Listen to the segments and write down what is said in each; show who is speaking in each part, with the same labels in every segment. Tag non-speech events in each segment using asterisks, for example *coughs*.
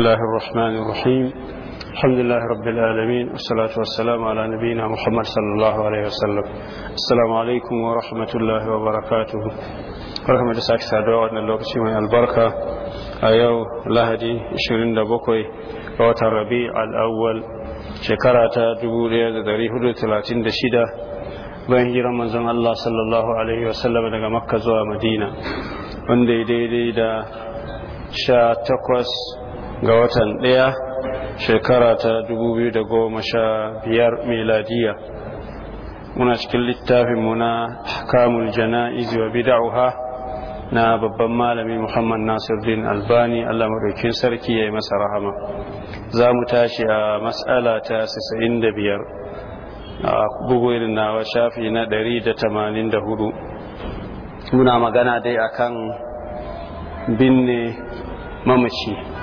Speaker 1: الله الرحمن الرحيم الحمد لله رب العالمين والصلاة والسلام على نبينا محمد صلى الله عليه وسلم السلام عليكم ورحمة الله وبركاته ورحمة الله سادوا أن لوكشي من البركة أيو لهدي شرين دبوكوي روات الربيع الأول شكرا شكرة ذري دريه ثلاثين دشيدة bayan hijirar manzon Allah sallallahu alaihi wasallam daga Makka zuwa Madina دي دي دا sha تقوس ga watan ɗaya shekara ta 2015 miladiya muna cikin littafin muna kamun jana'iz wa bida'uha na babban malami muhammad nasiruddin albani allah maɗaukin sarki ya yi masa rahama za mu tashi a matsala ta 95 a bugu irin nawa shafi na 184 muna magana dai akan binne mamaci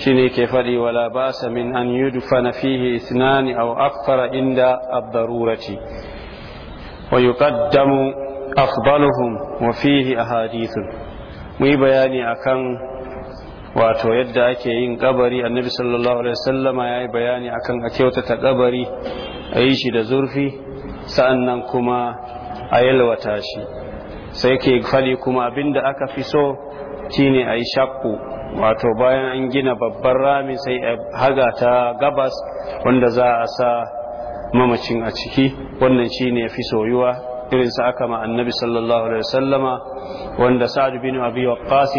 Speaker 1: shine ke faɗi wala basa min an dufana fiye ithnani aw akthara inda ad-darurati wa yuqaddamu afdaluhum wa a ahadith mu yi bayani akan wato yadda ake yin ƙabari, annabi sallallahu alaihi wasallama yayi bayani akan a kyautata ƙabari. a yi shi da zurfi nan kuma a yalwata shi sai ke faɗi kuma abinda aka fi so shine a yi shakku wato bayan an gina babban rami sai a haga ta gabas wanda za a sa mamacin a ciki wannan shine ya fi soyuwa irin sa aka ma annabi sallallahu alaihi wasallama wanda sa'ad bin abi waqqas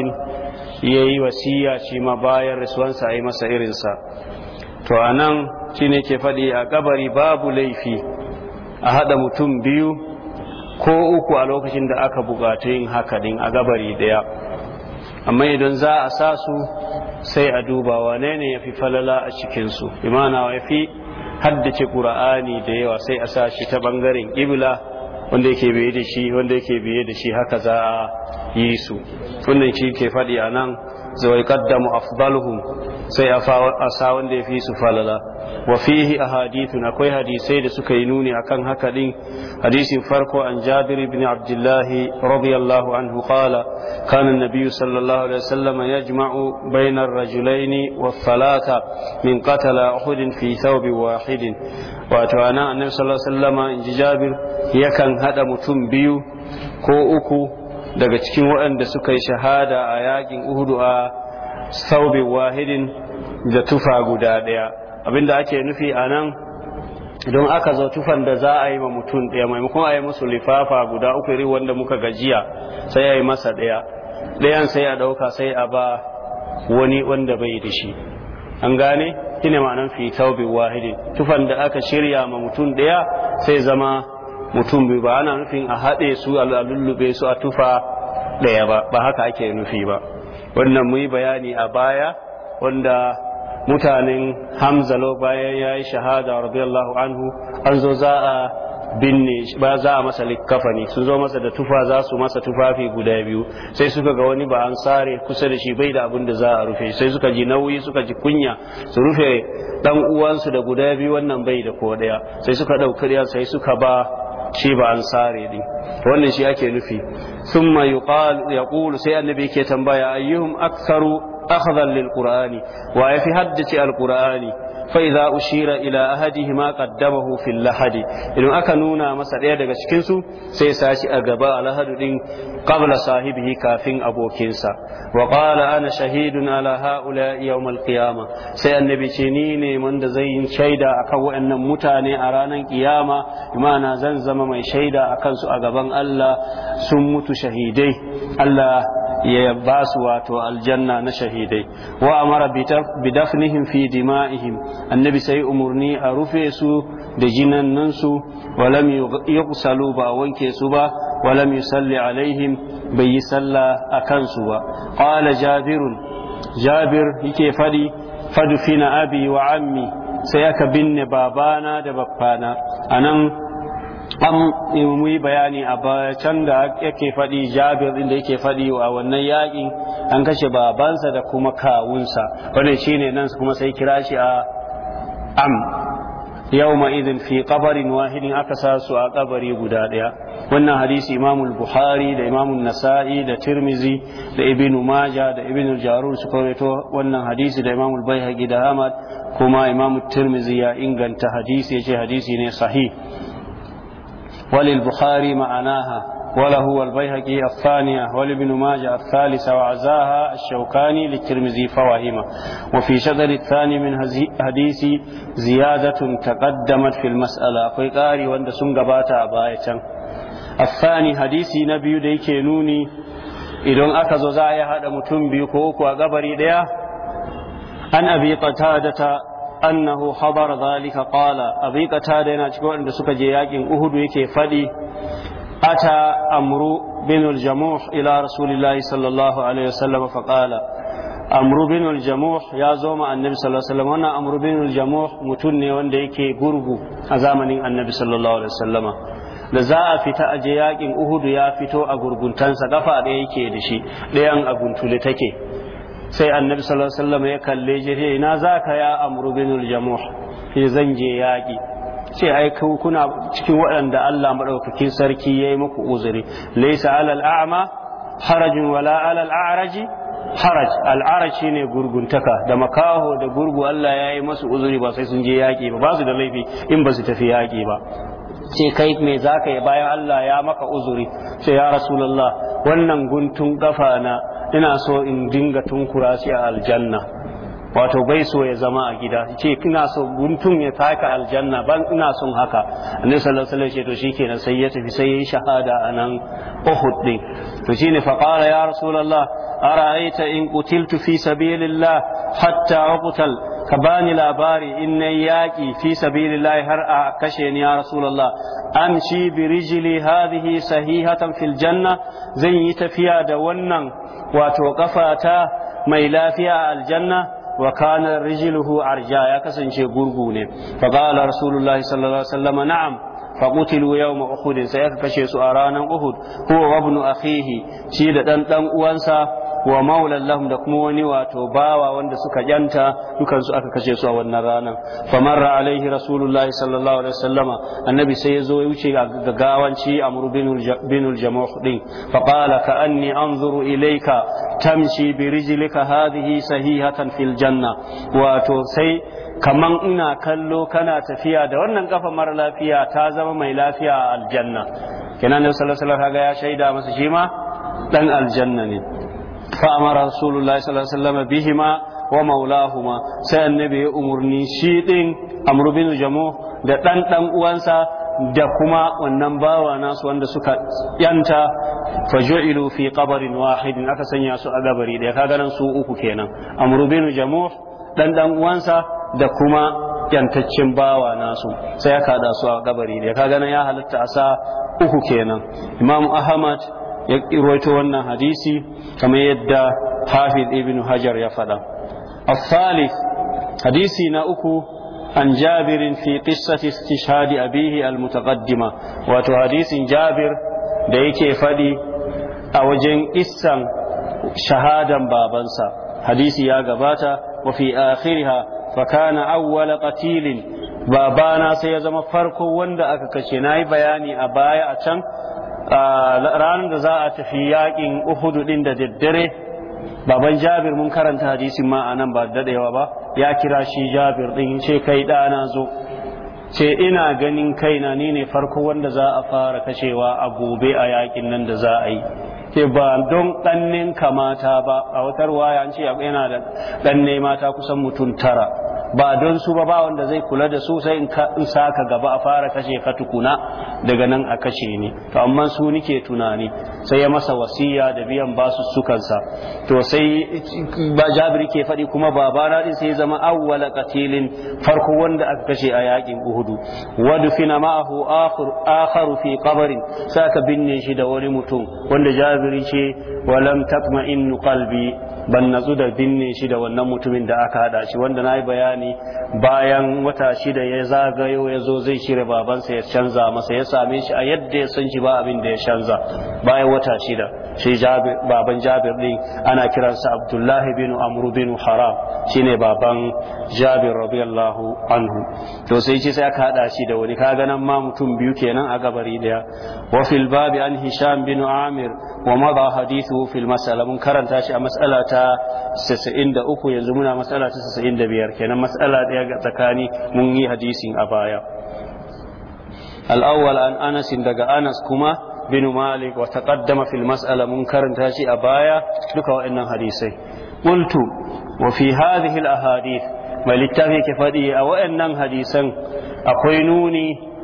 Speaker 1: yayi wasiya shi ma bayan rasuwansa ayi masa irin sa to anan shine ke fadi a kabari babu laifi a hada mutum biyu ko uku a lokacin da aka bukata yin haka din a gabari daya amma idan za a sa su sai a duba wane ne ya fi falala a cikinsu imana ya fi haddace ƙura'ani da yawa sai a sa shi ta ɓangaren ƙibla wanda yake biye da shi wanda yake biye da shi haka za a yi su wannan shi ke faɗi a nan zai kaddamu afdaluhum sai a sa wanda ya fi su falala wa fihi ahadithun akwai hadisai da suka yi nuni akan haka ɗin hadisin farko an jabir ibn abdullah radiyallahu anhu qala kana an sallallahu alaihi wasallam yajma'u bayna ar-rajulayn wath-thalatha min qatala uhud fi thawb wahid wato ana annabi sallallahu alaihi wasallam inji jabir yakan hada mutum biyu ko uku daga cikin waɗanda suka yi shahada a yaƙin uhudu a saubi wahidin da tufa guda ɗaya abinda ake nufi a nan don aka zo tufan da za a yi ma mutum ɗaya maimakon a yi musu lifafa guda uku iri wanda muka gajiya sai a yi masa ɗaya ɗayan sai a ɗauka sai a ba wani wanda bai da shi an gane shine ma'anar fi taubin wahidi tufan da aka shirya ma mutum ɗaya sai zama mutum biyu ba ana nufin a haɗe su a lullube su a tufa ɗaya ba ba haka ake nufi ba wannan mu bayani a baya wanda mutanen hamzalo bayan ya yi shahada radiyallahu anhu an zo za a binne ba za a masa ne sun zo masa da tufa za su masa tufafi guda biyu sai suka ga wani ba an sare kusa da shi bai da abin da za a rufe sai suka ji nauyi suka ji kunya su rufe dan uwansu da guda biyu wannan bai da ko daya sai suka ɗauki sai suka ba shi ba ansari din wannan shi ake nufi thumma ya ƙulu sai annabi yake tambaya ayyuhum aksaru akhdhan lil qur'ani wa yafi haddace al qur'ani fa idza ushira ila ahadihima qaddamahu fil lahadi idan aka nuna masa ɗaya daga cikin su sai sashi a gaba a alhadu din qabla sahibihi kafin abokinsa wa ana shahidun ala haula yawm alqiyama sai annabi ce ni ne wanda zai yi shaida akan waɗannan mutane a ranar kiyama imana zan zama mai shaida akan su a gaban Allah sun mutu shahidai Allah ya ba su wato aljanna na shahidai wa amara bi dafnihim fi dima'ihim annabi sai umurni a rufe su da jinannan su wa lam yughsalu ba wanke su ba wa lam yusalli alaihim bai yi sallah a kansu ba qala jabirun jabir yake fadi fina abi wa ammi sai aka binne babana da baffana anan an mu yi bayani a can da yake faɗi jabir ɗin da yake faɗi a wannan yaƙi an kashe babansa da kuma kawunsa wannan shine nan kuma sai kira shi a am yawma idin fi qabarin wahidin aka sa su a kabari guda ɗaya wannan hadisi imamul buhari da imamul nasa'i da tirmizi da ibnu maja da ibnu jarur su kawaito wannan hadisi da imamul bayhaqi da ahmad kuma imamul tirmizi ya inganta hadisi yace hadisi ne sahih وللبخاري معناها وله والبيهقي الثانية ولابن ماجه الثالثة وعزاها الشوكاني للترمذي فواهمة وفي شذر الثاني من حديث زيادة تقدمت في المسألة قيقاري وند سنقباتا بايتا الثاني حديث نبي ديكي نوني إذن أكزو زايا هذا متنبي كوكو أقبري ديا عن أبي قتادة annahu khabar zalika qala abi qatada yana cikin wanda suka je yakin uhudu yake fadi ata amru bin al-jamuh ila rasulillahi sallallahu alaihi wasallam fa qala amru bin al-jamuh ya zo ma annabi sallallahu alaihi wasallam wannan amru bin al-jamuh mutun ne wanda yake gurgu a zamanin annabi sallallahu alaihi wasallama da za a fita aje yakin uhudu ya fito a gurguntansa kafa ɗaya yake da shi ɗayan a guntule take sai annabi sallallahu alaihi wasallam ya kalle shi ina zaka ya amru binul jamuh sai zan je yaƙi sai ai kuna cikin waɗanda Allah madaukakin sarki yayi muku uzuri laysa alal a'ma harajun wala alal a'raji haraj al'araj shine gurguntaka da makaho da gurgu Allah yayi masu uzuri ba sai sun je yaƙi ba ba su da laifi in ba su tafi yaƙi ba ce kai me za ka yi bayan Allah ya maka uzuri Sai ya rasulallah wannan guntun kafa na ina so in dinga tunkura shi a aljanna wato bai so ya zama a gida ce ina so guntun ya taka aljanna ban ina son haka annabi sallallahu alaihi wasallam shi to sai ya tafi sai yayi shahada anan Uhud din to ne fa qala ya rasulullah ta in qutiltu fi sabilillah hatta uqtal ka bani labari in nayi yaki fi sabilillah har a kashe ni ya rasulullah amshi bi rijli hadhihi sahihatan fil janna zan yi tafiya da wannan wato kafata mai lafiya a aljanna wa kana rijluhu arja ya kasance gurgu ne fa qala rasulullahi sallallahu alaihi wasallam na'am fa qutilu yawma uhud sai aka kashe su a ranar uhud huwa wa ibnu akhihi shi da dan dan uwansa wa maulan lahum da kuma wani wato bawa wanda suka yanta dukansu aka kashe su a wannan ranar famarra alaihi rasulullahi sallallahu alaihi wasallama annabi sai ya zo ya wuce ga gawanci amru binul jamuh din fa qala ka anni anzuru ilayka tamshi bi rijlika hadhihi sahihatan fil janna wato sai kaman ina kallo kana tafiya da wannan kafa mara lafiya ta zama mai lafiya a aljanna kenan ne sallallahu alaihi wasallam ya shaida masa shi ma dan aljanna ne فأمر رسول الله bihi ma wa وسلم بهما ومولاهما سأل النبي أمرني شيطين أمر بن جموه da ɗan ɗan uwansa da kuma wannan bawa nasu wanda suka yanta faju'ilu fi qabarin wahidin aka sanya su a gabari da kaga nan su uku kenan amru bin jamuh dan dan uwansa da kuma yantaccen bawa nasu sai aka da su a gabari da kaga nan ya halatta a sa uku kenan imam ahmad ya kirwaito wannan hadisi kamar yadda hafiz ibn hajar ya faɗa الثالث hadisi na uku an jabirin fi qissati istishhadi abihi almutaqaddima wato hadisin jabir da yake faɗi a wajen isan shahadan babansa hadisi ya gabata wa fi akhiriha fa kana awwala qatilin babana sai ya zama farko wanda aka kashe nayi bayani a baya a can ranar da za a tafi yaƙin uhudu ɗin da daddare baban jabir mun karanta hadisin ma a nan ba daɗewa ba ya kira shi jabir ɗin ce kai ɗana zo ce ina ganin kaina ni ne farko wanda za a fara kashewa a gobe a yakin nan da za a yi ke ba don ɗannin kamata ba a watar waya an ce yana da ɗanne mata kusan mutum tara ba don su ba ba wanda zai kula da su sai in sa ka gaba a fara kashe ka tukuna daga nan a kashe ni to amma su nike tunani sai ya masa wasiya da biyan basu sukansa to sai ba jabiri ke faɗi kuma babana din sai zama awwala qatilin farko wanda aka kashe a yakin uhudu fina ma'ahu akhir akharu fi qabrin saka binne shi da wani mutum wanda jabiri ce walam tatma'innu qalbi ban nazu da binne shi da wannan mutumin da aka hada shi wanda na yi bayani bayan wata shida ya zagayo ya zo zai cire babansa ya canza masa ya same shi a yadda ya san shi ba abin da ya canza bayan wata shida shi baban jabir din ana kiransa abdullahi bin amru bin haram shine baban jabir radiyallahu anhu to sai sai aka hada shi da wani kaga nan ma mutum biyu kenan a gabari daya wa fil babi an hisham bin amir wa madha hadithu fil mas'ala mun karanta shi a mas'ala ta ta 93 yanzu muna matsala ta 95 kenan matsala ɗaya ga tsakani mun yi hadisin a baya al'awwal an anas daga anas kuma bin malik wa taqaddama fil mas'ala mun karanta shi a baya duka wa'annan hadisai qultu wa fi hadhihi al ahadith mai littafi ke faɗi a wa'annan hadisan akwai nuni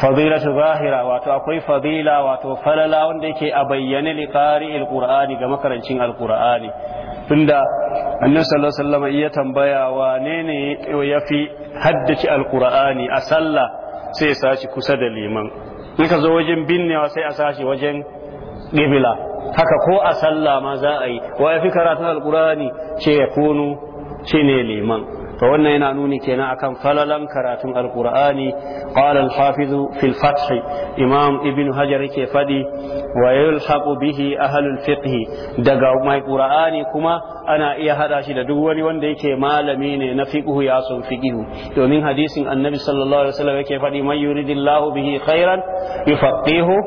Speaker 1: fadilatu zahira wato akwai fadila wato falala wanda yake a bayyane li qari'il ga makarancin alqur'ani tunda annabi sallallahu alaihi wasallam ya tambaya wa ne yafi haddace alqur'ani a sallah sai ya sashi kusa da liman in ka zo wajen binnewa sai a sashi wajen qibla haka ko a sallah ma za a yi wa yafi karatun alqur'ani ce ya kunu ne liman to wannan yana nuni kenan akan falalan karatun alqur'ani qala al-hafiz fi al-fath imam ibn hajar yake fadi wa yulhaqu bihi ahlul fiqh daga mai qur'ani kuma ana iya hada shi da duk wani wanda yake malami ne na fiqh ya sun fiqh domin hadisin annabi sallallahu alaihi wasallam yake fadi man yuridillahu bihi khairan yufaqihu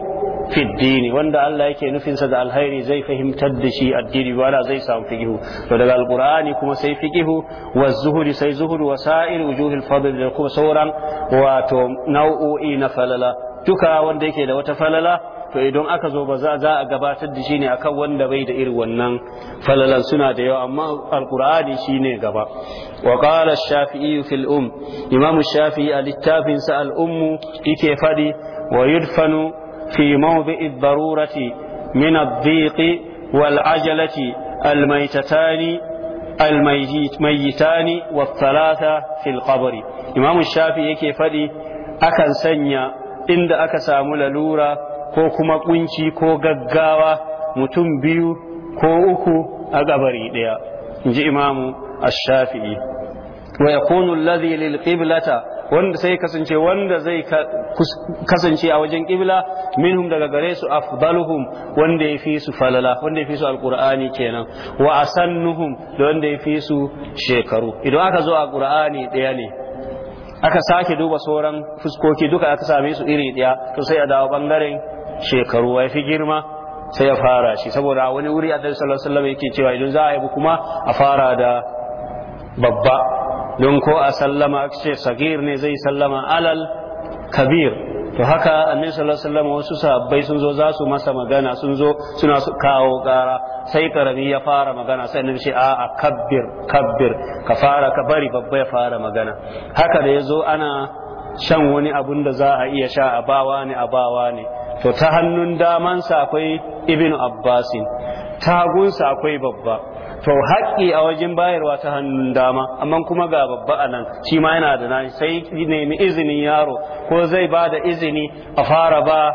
Speaker 1: fi wanda Allah yake nufinsa da alhairi zai fahimtar da shi addini wala zai samu fiqihu to daga alqur'ani kuma sai fiqihu wa zuhuri sai zuhuri wa sa'ir wujuhil fadl da kuma sauran wato nau'o'i na falala duka wanda yake da wata falala to idan aka zo ba za a gabatar da shi ne akan wanda bai da irin wannan falalan suna da yawa amma alqur'ani shine gaba wa qala ash-shafi'i fil um imam ash-shafi'i al-littafin sa al-ummu yake fadi wa yudfanu في موضع الضرورة من الضيق والعجلة الميتتان الميتان والثلاثة في القبر إمام الشافعي yake فدي أكن سنيا عند أكسام لورا كو ko kuma kunci ko gaggawa mutum biyu ko uku a gabari in ji imamu الشافعي ويكون الذي للقبلة wanda sai kasance wanda zai kasance a wajen kibla minhum daga gare su afdaluhum wanda ya su falala wanda ya fi su alqur'ani kenan wa asannuhum da wanda ya fi su shekaru idan aka zo a qur'ani daya ne aka sake duba sauran fuskoki duka aka same su iri daya to sai a dawo bangaren shekaru wa fi girma sai ya fara shi saboda wani wuri a sallallahu alaihi wasallam yake cewa idan za a yi kuma a fara da babba don ko a sallama aka ce sagir ne zai sallama alal kabir to haka annabi sallallahu alaihi wasallam wasu sahabbai sun zo za su masa magana sun zo suna kawo kara sai karami ya fara magana sai annabi ce a'a kabbir kabbir ka fara ka bari babba ya fara magana haka da yazo ana shan wani abun da za a iya sha a bawa ne a bawa ne to ta hannun damansa akwai ibnu abbasin tagunsa akwai babba to haƙƙi a wajen bayarwa ta hannun dama amma kuma ga babba a nan shi ma yana da nan sai nemi izinin yaro ko zai ba da izini a fara ba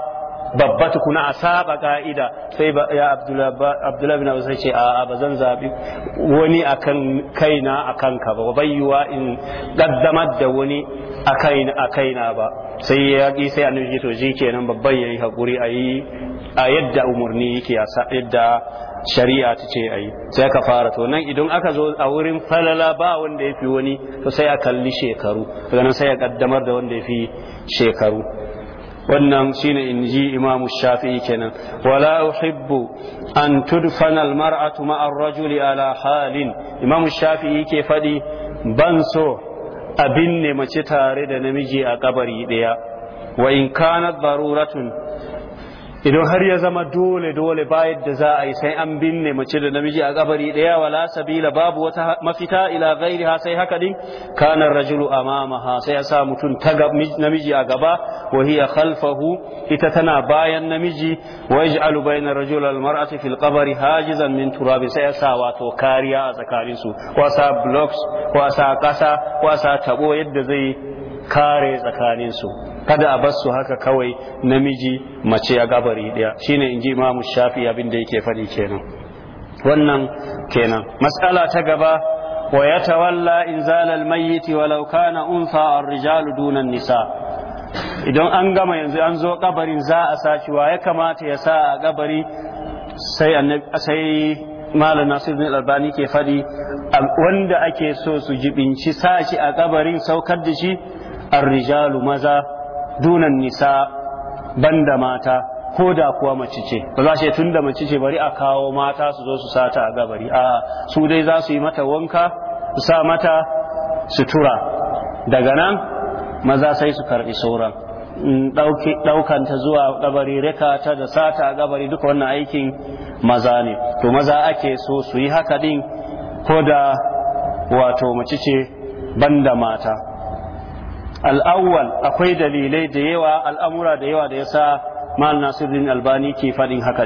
Speaker 1: babba tukuna a saba ƙa'ida sai ya abdullahi bin ce a'a ba zan zaɓi wani akan kaina akan ka ba bayyuwa in gaddamar da wani a kaina ba sai ya ƙi sai annabi to ji kenan babban yayi hakuri ayi a yadda umarni yake a yadda shari'a ta ce ayi sai ka fara to nan idan aka zo a wurin falala ba wanda yafi wani to sai a kalli shekaru daga nan sai ya kaddamar da wanda yafi shekaru wannan shine in ji shafi'i kenan wala uhibbu an tudfana almar'atu ma'a ar-rajuli ala halin imamu shafi'i ke fadi ban so abin ne mace tare da namiji a kabari ɗaya wa in kana daruratun idan har ya zama dole dole ba yadda za a yi sai an binne mace da namiji a kabari daya wala sabila babu wata mafita ila ha sai haka din kana rajulu ha sai ya sa mutum ta namiji a gaba wa hiya khalfahu ita tana bayan namiji wa yaj'alu bayna rajul al mar'ati fil qabri hajizan min turab sai ya sa wato kariya a tsakanin su ko blocks kwasa kasa tabo yadda zai kare tsakanin su kada a basu haka kawai namiji mace a gabari daya shine inji imamu shafi abin da yake faɗi kenan wannan kenan matsala ta gaba wa ya in zalal mayyiti walau kana unfa ar-rijalu duna nisa idan an gama yanzu an zo kabarin za a saci wa ya kamata ya sa a gabari sai sai malam nasir bin albani ke fadi wanda ake so su jibinci sashi a kabarin saukar da shi ar-rijalu maza dunan nisa banda mata ko da kuwa mace ce ba za shi tun da mace ce bari a kawo mata su zo su sata a gabari a su dai za su yi mata wanka su sa mata sutura daga nan maza sai su karɓi sauran ɗaukanta zuwa gabari reka ta da sata a gabari duka wannan aikin maza ne to maza ake so su yi haka din ko da wato mace ce banda mata al'awwal akwai dalilai da yawa al'amura da yawa da yasa mal nasiruddin albani ke faɗin haka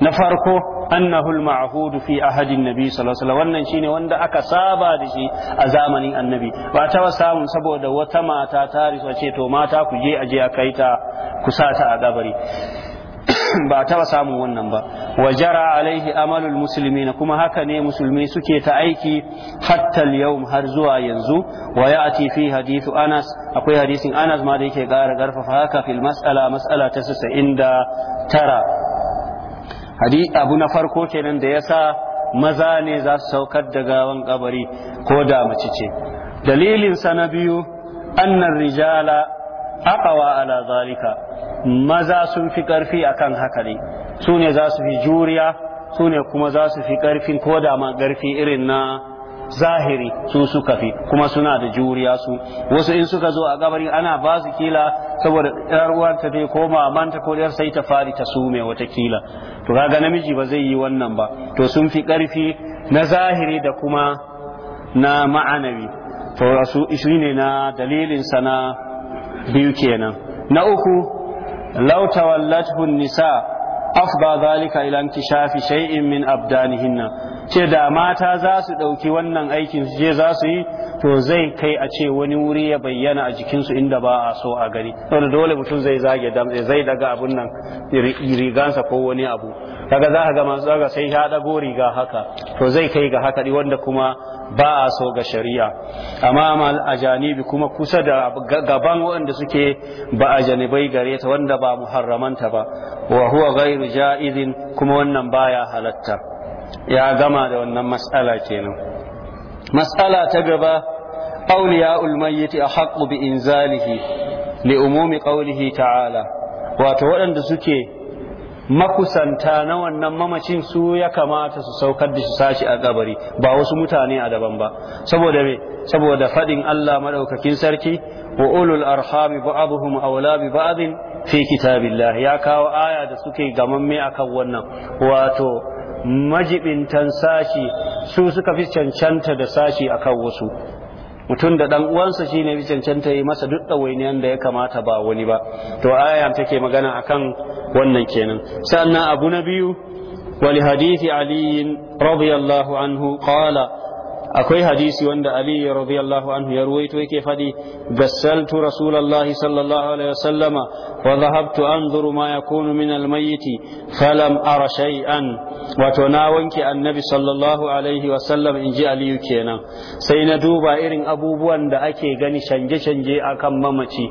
Speaker 1: na farko annahul al fi ahadin nabi sallallahu wannan shine wanda aka saba da shi a zamanin annabi ba ta samun saboda wata mata ta riso ce to mata ku je aje a kai ta ku sa ta a gabari *coughs* ba taɓa samun wannan ba wa jara alaihi amalul na kuma haka ne musulmi suke ta aiki hattal yau har zuwa yanzu wa a fi hadithu Anas akwai hadisin Anas ma da yake gara ƙarfafa haka fil mas'ala mas'ala ta 99 hadi abu na farko kenan da yasa maza ne za su saukar da gawan kabari ko da mace ce dalilin sa na biyu annar rijala aqawa ala zalika maza sun fi karfi akan haka ne su ne za su fi juriya su ne kuma za su fi karfin ko da ma karfi irin na zahiri su suka fi kuma suna da juriya su wasu in suka zo a gabari ana ba su kila saboda yar ta dai ko mamanta ko yar sai ta fari ta sume wata kila to kaga namiji ba zai yi wannan ba to sun fi karfi na zahiri da kuma na ma'anawi to su ne na dalilin sana biyu kenan na uku law tawallathu nisa afda zalika ila shafi shay'in min abdanihinna ce da mata za su ɗauki wannan aikin su je za su yi to zai kai a ce wani wuri ya bayyana a jikinsu inda ba a so a gani saboda dole mutum zai zage damtse zai daga abun nan rigansa ko wani abu kaga za ka ga masu zaga sai ya dago riga haka to zai kai ga haka ɗi wanda kuma ba a so ga shari'a amma a janibi kuma kusa da gaban waɗanda suke ba a janibai gare ta wanda ba muharramanta ba wa huwa ghairu ja'izin kuma wannan baya halatta ya gama da wannan mas'ala kenan matsala ta gaba awliya'ul a haƙƙu bi in zalihi li umumi ƙaunihi ta'ala wato waɗanda suke makusanta na wannan mamacin su ya kamata su saukar da su sashi a kabari ba wasu mutane a daban ba saboda me saboda faɗin Allah maɗaukakin sarki wa ulul arhami ba'dhum awla bi ba'd fi kitabillah ya kawo aya da suke gamamme akan wannan wato majibintan sashi su suka fi cancanta da sashi akan wasu mutum da dan uwansa shine fi cancanta yi masa duk ɗawainiyan da ya kamata ba wani ba to aya take magana akan wannan kenan sannan abu na biyu wani hadisi ali radiyallahu anhu qala
Speaker 2: akwai hadisi
Speaker 1: wanda ali radiyallahu anhu ya ruwaito yake fadi gassaltu rasulullahi sallallahu alaihi wasallama wa dhahabtu anzuru ma yakunu min almayyit falam ara shay'an wato na wanke annabi sallallahu alaihi wasallam inji aliyu kenan sai na duba irin abubuwan da ake gani canje canje akan mamaci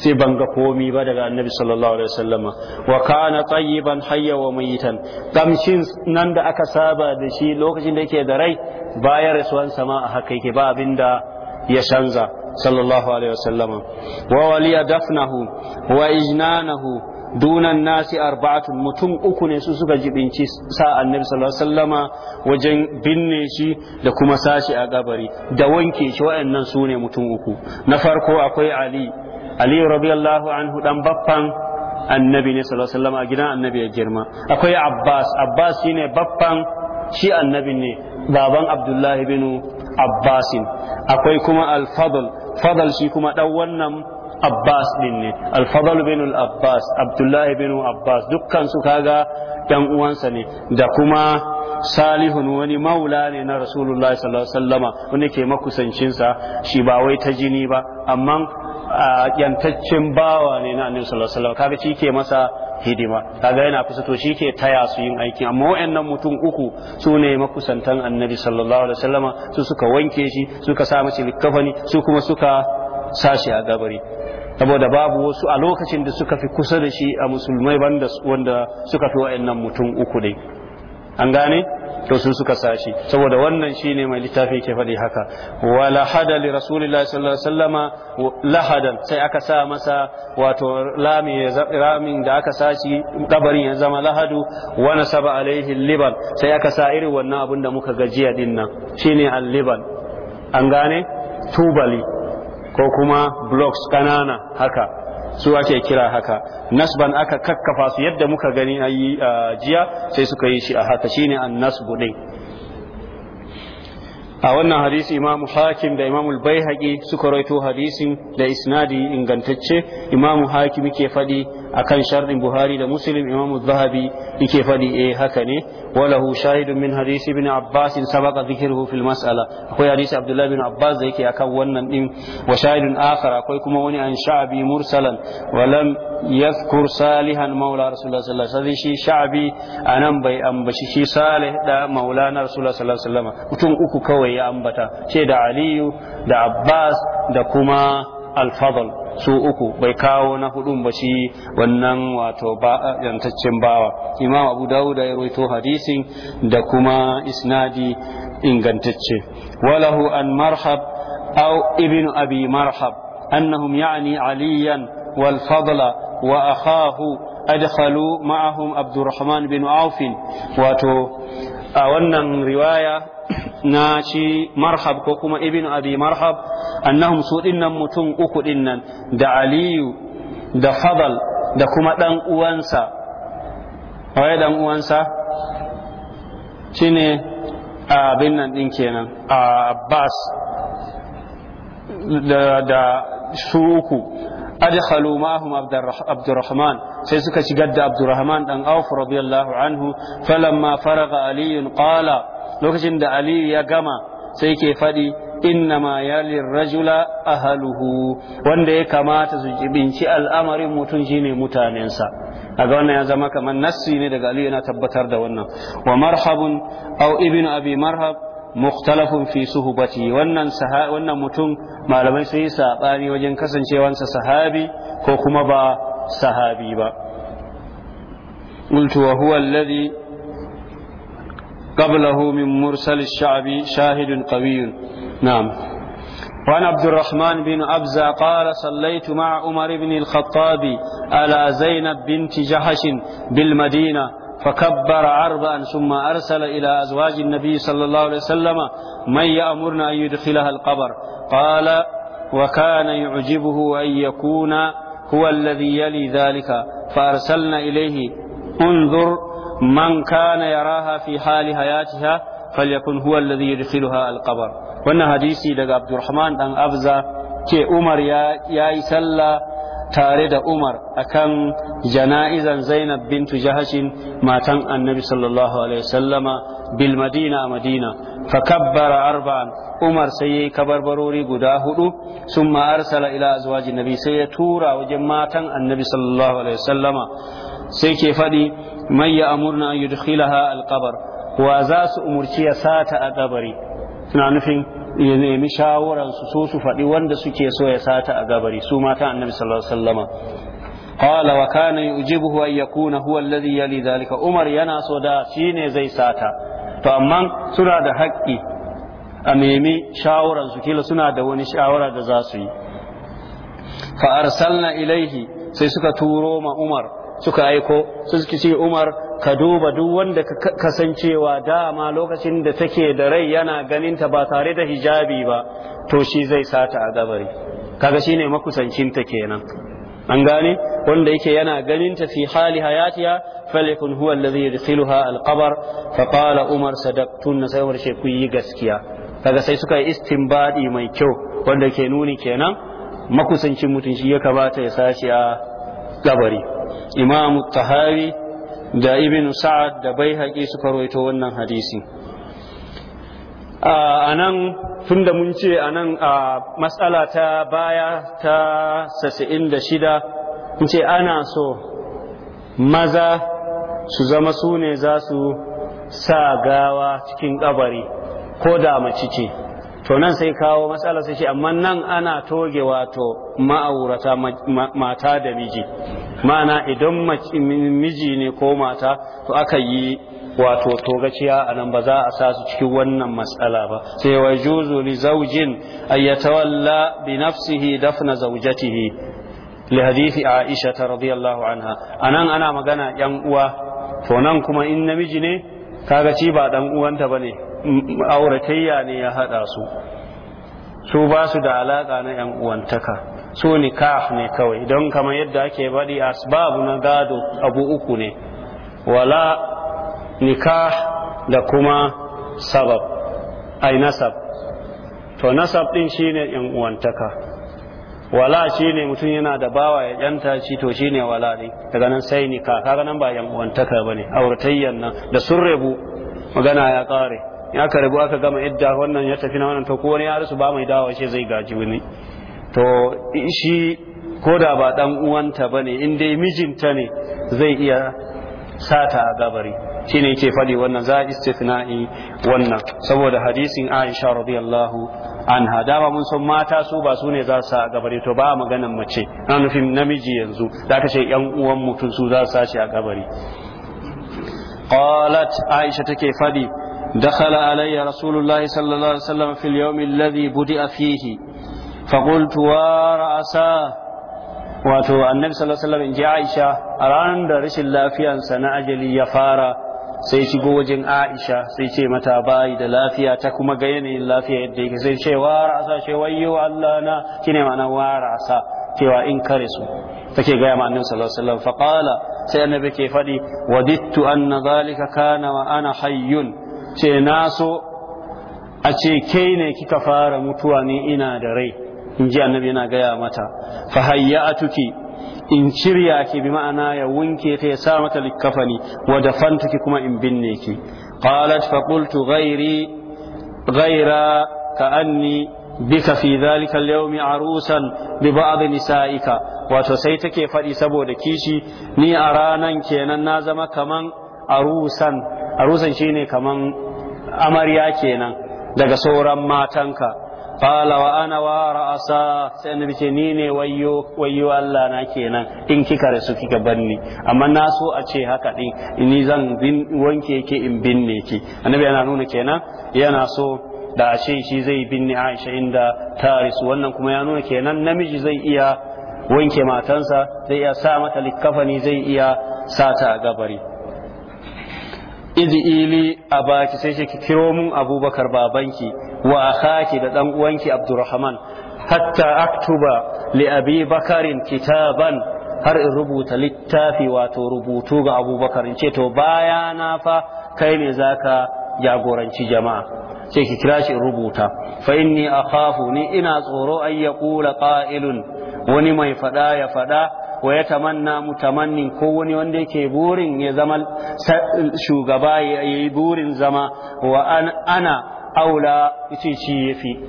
Speaker 1: sai ban ga komi ba daga annabi sallallahu alaihi wasallam wa kana tayyiban hayya wa mayitan kamshin nan da aka saba da shi lokacin da yake da rai bayan rasuwan sama a haka yake ba abin da ya canza sallallahu alaihi wasallama wa waliya dafnahu wa ijnanahu dunan nasi arba'atun mutum uku ne su suka jibinci sa annabi sallallahu alaihi wasallama wajen binne shi da kuma sashi a gabari da wanke shi waɗannan su ne mutum uku na farko akwai ali ali radiyallahu anhu dan baffan annabi ne sallallahu alaihi wasallama a gidan annabi ya girma akwai abbas abbas shine baffan shi annabi ne baban abdullahi bin abbasin akwai kuma alfadl fadl shi kuma dan wannan abbas din ne alfadl bin abbas abdullahi bin abbas dukkan su kaga ɗan uwansa ne da kuma salihun wani maula ne na rasulullahi sallallahu alaihi wasallama wani ke makusancinsa shi ba wai ta jini ba amma yantaccen bawa ne na annabi sallallahu alaihi kaga shi ke masa hidima kaga yana kusa to shi ke taya su yin aikin amma wayannan mutum uku su ne makusantan annabi sallallahu alaihi wasallama su suka wanke shi suka sa mashi likafani su kuma suka sashi a gabari saboda babu wasu a lokacin da suka fi kusa da shi a musulmai banda wanda suka fi wayannan mutum uku dai an gane to su suka sashi saboda wannan shine mai littafi ke faɗi haka wa lahada li rasulillahi sallallahu alaihi wasallama lahadan sai aka sa masa wato lami ramin da aka sashi kabarin ya zama lahadu wa nasaba alaihi liban sai aka sa irin wannan abin da muka gajiya din nan shine al-liban an gane tubali ko kuma blocks kanana haka su ake kira haka nasban aka kakkafa su yadda muka gani a yi jiya sai suka yi shi a haka shine an nasbu din a wannan hadisi imamu hakim da imamu bai suka roito hadisin da isnadi ingantacce imamu hakim ke faɗi akan sharɗin buhari da muslim imamu zahabi yake faɗi eh haka ne walahu shahidun min hadisi ibn abbas sabaqa dhikruhu fil mas'ala akwai hadisi Abdullahi ibn abbas da yake akan wannan din wa shahidun akhar akwai kuma wani an sha'bi mursalan wa lam yadhkur salihan maula rasulullah sallallahu alaihi wasallam shi sha'bi anan bai ambaci shi salih da maulana rasulullah sallallahu alaihi wasallam mutum uku kawai ya ambata ce da aliyu da abbas da kuma alfadal su uku bai kawo na hudun ba shi wannan wato yantaccen bawa imam abu dawuda ya roito hadisin da kuma isnadi ingantacce walahu an marhab aw ibn abi marhab annahum ya'ni aliyan wal fadla wa akhahu adkhalu ma'ahum abdurrahman bin auf wato a wannan riwaya na ci marhab ko kuma ibn abi marhab annahum su dinnan mutum uku dinnan da aliyu da fadal da kuma dan uwansa waye dan uwansa shine abin nan din kenan abbas da da su uku adkhalu ma'ahum abdurrahman sai suka shigar da abdurrahman dan auf radiyallahu anhu falamma faraga aliyun qala lokacin da Aliyu ya gama sai ke faɗi innama yalin rajula ahaluhu wanda ya kamata su binci al'amarin mutum shine mutanensa a ga wannan ya zama kamar nassi ne daga Aliyu yana tabbatar da wannan wa marhabun au ibn abi marhab mukhtalafun fi suhbati wannan wannan mutum malamai sun yi sabani wajen kasancewansa sahabi ko kuma ba sahabi ba qultu wa huwa قبله من مرسل الشعب شاهد قوي نعم وعن عبد الرحمن بن أبزة قال صليت مع عمر بن الخطاب على زينب بنت جحش بالمدينة فكبر عربا ثم أرسل إلى أزواج النبي صلى الله عليه وسلم من يأمرنا أن يدخلها القبر قال وكان يعجبه أن يكون هو الذي يلي ذلك فأرسلنا إليه انظر man kana yaraha fi hali hayatiha falyakun huwa alladhi yudkhiluha alqabar wannan hadisi daga Abdurrahman dan Abza ke Umar ya yayi sallah tare da Umar akan jana'izan Zainab bintu Jahashin matan Annabi sallallahu alaihi wasallama bil Madina a Madina fa arba'an Umar sai yayi kabarbarori guda hudu summa arsala ila azwajin Nabi sai ya tura wajen matan Annabi sallallahu alaihi sallama sai ke faɗi Mai ya amurna an yudkhilaha alqabar wa za su umurci ya sata a kabari suna nufin ya nemi shawaran su so su faɗi wanda suke so ya sata a kabari su mata annabi sallallahu alaihi wasallama qala wa kana yujibuhu an yakuna huwa alladhi yali umar yana so da ne zai sata to amma suna da haƙƙi a nemi shawaran su kila suna da wani shawara da za su yi fa arsalna ilaihi sai suka turo ma umar suka aiko suke ce Umar ka duba duk wanda kasancewa dama lokacin da take da rai yana ganinta ba tare da hijabi ba to shi zai sata a gabari kaga shine makusancinta kenan an gane wanda yake yana ganin ta fi hali hayatiya falikun huwa alladhi yadkhiluha alqabar fa qala umar sadaqtun sai umar ku yi gaskiya kaga sai suka yi istinbadi mai kyau wanda ke nuni kenan makusancin mutum shi ya kamata ya sashi a gabari imam tahawi da ibn sa'ad da bai haƙi suka roito wannan hadisi a nan tun da mun ce a nan a matsala ta baya ta 66 mun ce ana so maza su zama su ne za su sa gawa cikin ƙabari ko da mace ce to nan sai kawo matsala sai ce amma nan ana toge wato ma'aurata mata da miji ma'ana idan miji ne ko mata to aka yi wato togaciya a nan ba za a sa su cikin wannan matsala ba sai wa juzu li zawjin ay bi nafsihi dafna zawjatihi li hadithi aisha radiyallahu anha anan ana magana yan uwa to nan kuma in namiji ne kaga ci ba dan uwanta bane auratayya ne ya hada su su ba su da alaka na yan uwantaka su nikah ne kawai don kamar yadda ake bari asbab na gado abu uku ne wala nikah da kuma sabab ai nasab to nasab din shine yan uwantaka wala shine mutum yana da bawa ya yanta shi to shine wala ne daga nan sai ni ka kaga nan ba yan uwantaka bane auratayyan nan da sun rebu magana ya kare ya ka rebu aka gama idda wannan ya tafi na wannan to ko ya rasu ba mai dawa ce zai gaji wani to shi ko da ba ɗan uwanta bane in dai mijinta ne zai iya sata a gabari shine yake fadi wannan za a istithna'i wannan saboda hadisin Aisha radiyallahu anha dama mun san mata su ba su ne za su sa a gabari to ba maganan mace na nufin namiji yanzu zaka ce yan uwan mutum su za su sa shi a gabari. qalat aisha take fadi دخل علي رسول الله صلى الله عليه وسلم في اليوم الذي بدأ فيه فقلت ورأساه wato annabi sallallahu alaihi in ji Aisha a ranar da rashin lafiyansa na ajali ya fara sai shigo wajen Aisha sai ce mata bayi da lafiya ta kuma ga yanayin lafiya yadda yake sai ce rasa ce wayyo Allah na shine wa rasa cewa in kare su take gaya ma annabi sallallahu alaihi wasallam faqala sai annabi ke fadi wadittu anna zalika kana wa ana hayyun ce na so a ce kai ne kika fara mutuwa ni ina da rai in ji annabi yana gaya mata fa atuki in cirya ki bi ma'ana ya wanke ta ya sa mata likafani wa fantuki kuma in binne ki qalat fa qultu ghairi ghaira ka'anni bika fi dhalika al-yawmi arusan bi ba'd nisa'ika wato sai take faɗi saboda kishi ni a ranan kenan na zama kaman arusan arusan shine kaman amarya kenan daga sauran matanka qala wa ana wa ra'asa sai annabi ce ni ne wayyo wayyo Allah na kenan in kika rasu kika banni amma na so a ce haka din ni zan wanke ki in binne ki annabi yana nuna kenan yana so da ashe shi zai binne Aisha inda ta rasu wannan kuma ya nuna kenan namiji zai iya wanke matansa zai iya sa mata likkafani zai iya sa ta a gabari ili a baki sai ce ki kiro mun abubakar babanki wa akhaki da dan uwanki abdurrahman hatta aktuba li abi bakarin kitaban har in rubuta littafi wato rubutu ga abubakar in ce to baya na fa kai ne zaka jagoranci jama'a sai ki kira shi rubuta fa inni akhafu ni ina tsoro an yaqula qa'ilun wani mai fada ya fada wa ya tamanna mutamannin ko wani wanda yake burin ya zama shugaba ya yi burin zama wa ana aula yace shi yafi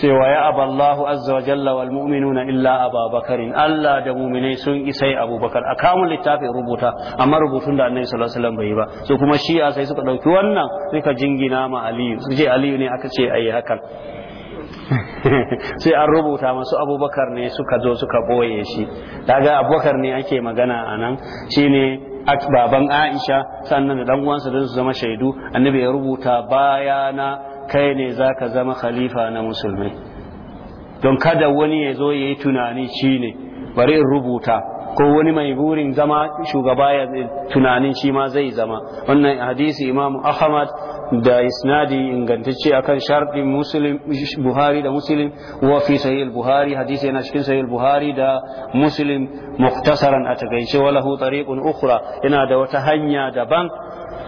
Speaker 1: cewa ya aba azza wa jalla wal mu'minuna illa aba bakarin Allah da mu'minai sun isa abubakar a kamun littafin rubuta amma rubutun da annabi sallallahu alaihi wasallam bai ba so kuma shi'a sai suka dauki wannan suka jingina ma aliyu su je aliyu ne aka ce ayi hakan *laughs* sai an rubuta masu abubakar ne suka zo suka boye shi daga abubakar ne ake magana a nan Shi ne baban aisha sannan da uwansa don su zama shaidu annabi ya rubuta bayana kai ne za ka zama khalifa na musulmi don kada wani ya zo ya yi tunani shi ne bari in rubuta ko wani mai burin zama shugaba ya tunanin shi ma zai zama wannan hadisi imam ahmad da isnadi ingantacce akan sharɗin muslim buhari da muslim wa fi sahih buhari hadisi yana cikin sahih buhari da muslim muktasaran a takaice wa lahu tariqun ukhra yana da wata hanya daban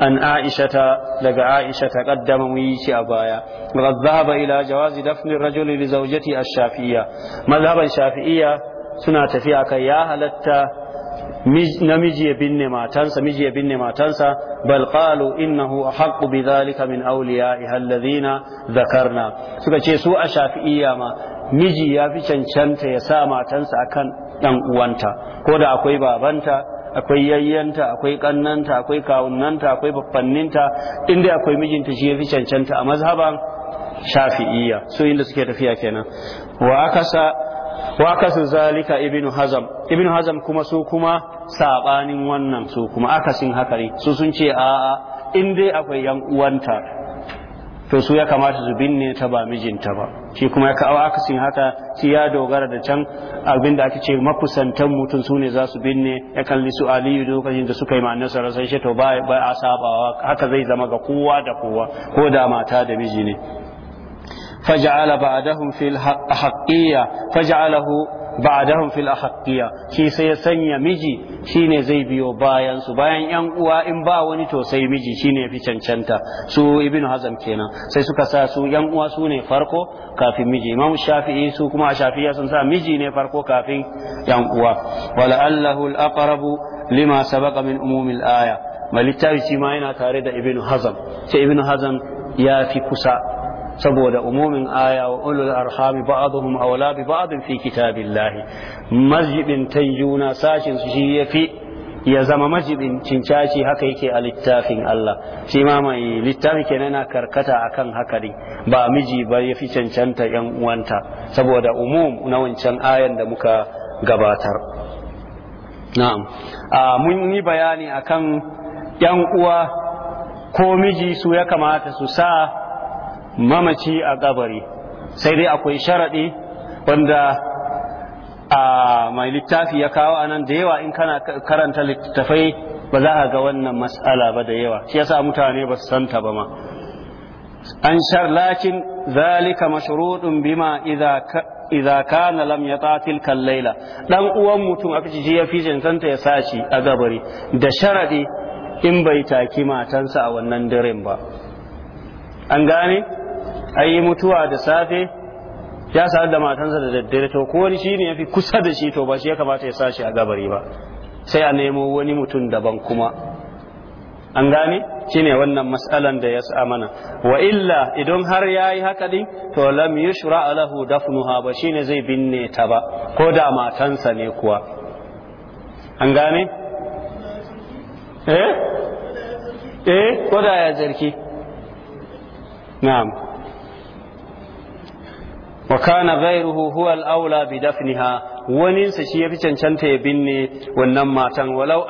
Speaker 1: an aishata daga aishata qaddama mu yi a baya qad dhahaba ila jawazi dafni rajuli li zawjati ash-shafi'iyya madhhaban shafi'iyya suna tafiya kai ya halatta namiji ya binne matansa miji ya binne matansa bal qalu innahu bi zalika min hallarina alladhina dhakarna suka ce su a shafi'iyya ma miji ya fi cancanta ya sa matansa akan dan uwanta ko da akwai babanta akwai yayyanta akwai kannanta akwai kawunnanta akwai babbanninta inda akwai mijinta shi ya fi cancanta a mazhaban shafi'iyya su inda suke tafiya kenan wa akasa wa kasu zalika ibnu hazam ibnu hazam kuma su kuma sabanin wannan su kuma akasin haka su sun ce a in dai akwai yan uwanta to su ya kamata su binne ta ba mijinta ba shi kuma ya ka akasin haka shi ya dogara da can abin da ake ce makusantan mutum su ne za su binne ya kalli su aliyu lokacin da suka yi ma nasara sai shi to ba a sabawa haka zai zama ga kowa da kowa ko da mata da miji ne faj'ala ba'dahum fil ahqiyya faj'alahu ba'dahum fil ahqiyya shi sai ya sanya miji shine zai biyo bayansu bayan yan uwa in ba wani to sai miji shine yafi cancanta su ibn hazm kenan sai suka sa su yan uwa su ne farko kafin miji imam shafi'i su kuma shafi'iya sun sa miji ne farko kafin yan uwa wala allahu lima sabaqa min umumil aya malittawi shi ma yana tare da ibn hazm sai ibn hazm ya fi kusa saboda umumin aya wa ulul arhami ba'dhum awla bi ba'd fi kitabillahi masjidin juna sashin su shi yafi ya zama masjidin cincaci haka yake a littafin Allah shi ma mai littafi kenan na karkata akan haka ne ba miji ba yafi cancanta yan uwanta saboda umum na wancan ayan da muka gabatar na'am mun yi bayani akan yan uwa ko miji su ya kamata su sa mamaci a kabari sai dai akwai sharaɗi wanda a mai littafi ya kawo anan da yawa in kana karanta littafai ba za a ga wannan mas'ala ba da yawa shi yasa mutane ba su santa ba ma an shar lakin zalika masharuɗun bima idza idza kana lam yata tilka laila dan uwan mutum a fice ya fi santa ya sashi a gabari da sharadi in bai taki matansa a wannan daren ba an gane ai mutuwa da safe ya sadu da matansa da daddare to ko wani shine yafi kusa da shi to ba shi ya kamata ya sa shi a gabari ba sai a nemo wani mutum daban kuma an gane shine wannan mas'alan da ya sa mana wa illa idan har yayi haka din to lam yushra lahu dafnuha ba shine zai binne ta ba ko da matansa ne kuwa an gane eh eh ko da ya zarki na'am wa kana ghairuhu aula bi dafniha wani sa shi yafi cancanta ya binne wannan matan walau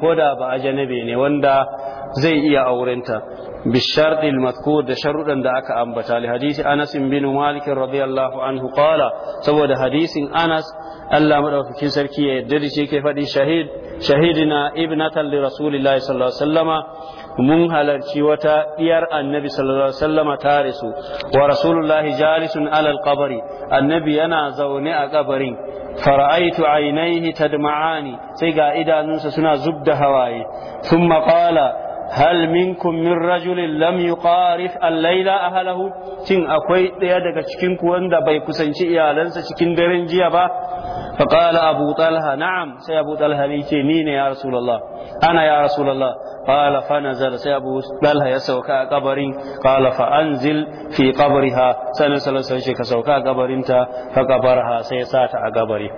Speaker 1: ko da ba a janabi ne wanda zai iya aurenta bi shartil da sharuɗan da aka ambata li hadisi Anas bin Malik radiyallahu anhu qala saboda hadisin Anas Allah madaukakin sarki ya yarda da shi ke faɗi shahid shahidina ibnatan li rasulillahi sallallahu alaihi wasallama mun halarci wata diyar annabi sallallahu alaihi wasallama ta rasu wa rasulullahi jalisun alal annabi yana zaune a kabarin fara'aitu ainaihi tadma'ani sai ga idanunsa suna zubda hawaye thumma qala hal minkum min rajulin lam yuqarif al-laila ahlahu cin akwai ɗaya daga cikin ku wanda bai kusanci iyalansa cikin daren jiya ba فقال أبو طلحة نعم سي أبو طلحة ميتي مين يا رسول الله أنا يا رسول الله قال فنزل سي أبو طلحة يسوكا قبر قال فأنزل في قبرها سنسل سنشك سوكا قبر انت فقبرها سيسات قبري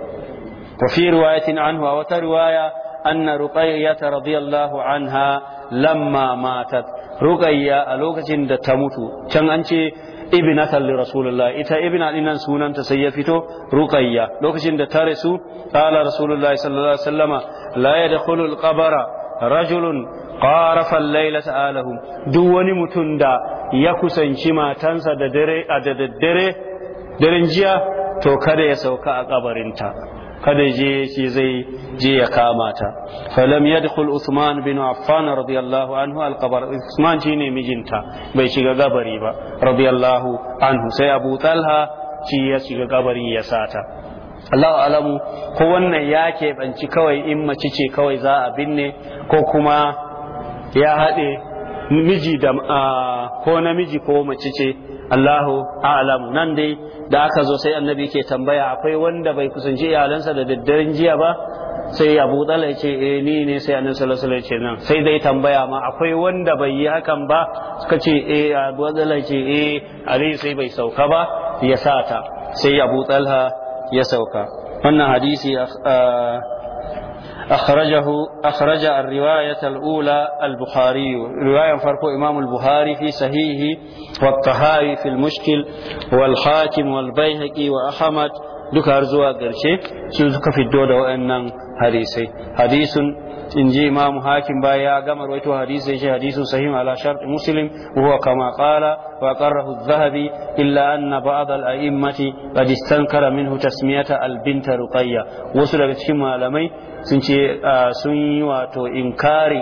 Speaker 1: وفي رواية عنه وترواية أن رقية رضي الله عنها لما ماتت رقية ألوكة تموت كان أنت ibnatan li rasulillah ita ibna dinan sunanta sai ya fito ruqayya lokacin da ta rasu qala rasulullah sallallahu alaihi wasallama la yadkhulu al-qabra rajulun qarafa al-laylata alahu duk wani mutum da ya kusanci matansa da dare a da dare daren jiya to kada ya sauka a kabarinta kada je yake zai je ya kama ta falam yadkhul Usman bin Affan radiyallahu anhu alqabar Usman shine mijinta bai shiga gabari ba radiyallahu anhu sai Abu Talha shi ya shiga gabari ya sata Allahu alamu ko wannan ya keɓanci kawai in mace ce kawai za a binne ko kuma ya haɗe miji da ah, ko namiji ko mace ce Allahu a'lam nan dai da aka zo sai annabi ke tambaya akwai wanda bai kusanci iyalansa da daddaren jiya ba sai Abu Dala ya ce eh ni ne sai annabi sallallahu alaihi wasallam nan sai dai tambaya ma akwai wanda bai yi hakan ba suka ce eh Abu ya ce eh Ali sai bai sauka ba ya sata sai Abu Talha ya sauka wannan hadisi ah, أخرجه أخرج الرواية الأولى البخاري رواية فرق إمام البخاري في صحيحه والطهاري في المشكل والحاكم والبيهقي وأحمد duka har zuwa ƙarshe sun suka fito da waɗannan hadisai hadisun in ji imamu hakim baya ya gama rawaito hadisai shi hadisun sahih ala shart muslim huwa kama qala wa qarrahu adh-dhahabi illa anna ba'd al-a'immati qad istankara minhu tasmiyata al-bint ruqayya wasu daga cikin malamai sun ce sun yi wato inkari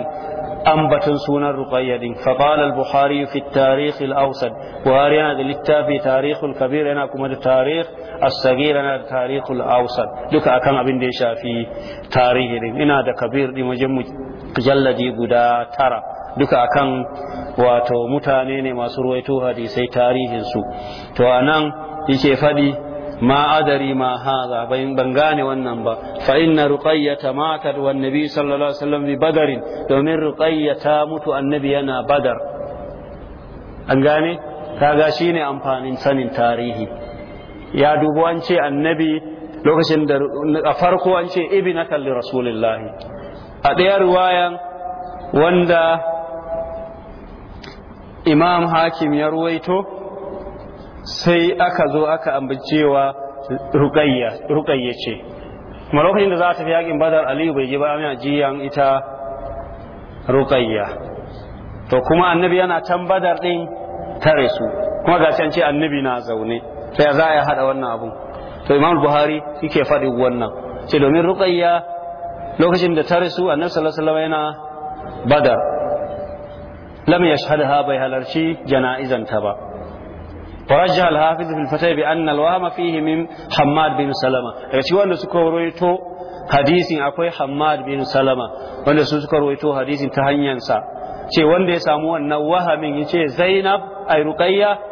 Speaker 1: ambaton sunan ruqayya din fa qala al-bukhari fi at-tarikh al buhari yana da littafi tarikh al-kabir yana kuma da tarikh as-saghir yana da tarikh al-awsat duka akan abin da ya shafi tarihi din ina da kabir din wajen jalladi guda tara duka akan wato mutane ne masu ruwaito hadisai tarihin su to anan yake fadi ma adari ma haza ban gane wannan ba fa inna ruqayyata matat wan nabi sallallahu alaihi wasallam bi badarin domin ruqayyata mutu annabi yana badar an gane kaga shine amfanin sanin tarihi ya dubo an ce annabi lokacin da a farko an ce ibi na kalli rasulullahi a ɗaya ruwayan wanda imam hakim ya ruwaito sai aka zo aka ambacewa rukayya ce kuma lokacin da za a tafi yakin badar aliyu bai giba ba yana jiyan ita rukayya to kuma annabi yana can badar ɗin tare su kuma ga ce annabi na zaune sai za a haɗa wannan abun to imam buhari yake faɗi wannan ce domin ruqayya lokacin da ta rasu annabi sallallahu alaihi yana badar lam yashhadha bai halarci jana'izanta ba فرجح الحافظ في الفتاة بأن الوهم فيه من حماد بن سلمة daga cikin wanda suka rawaito hadisin akwai Hammad bin Salama wanda su suka rawaito hadisin ta hanyarsa ce wanda ya samu wannan wahamin yace Zainab ay Ruqayya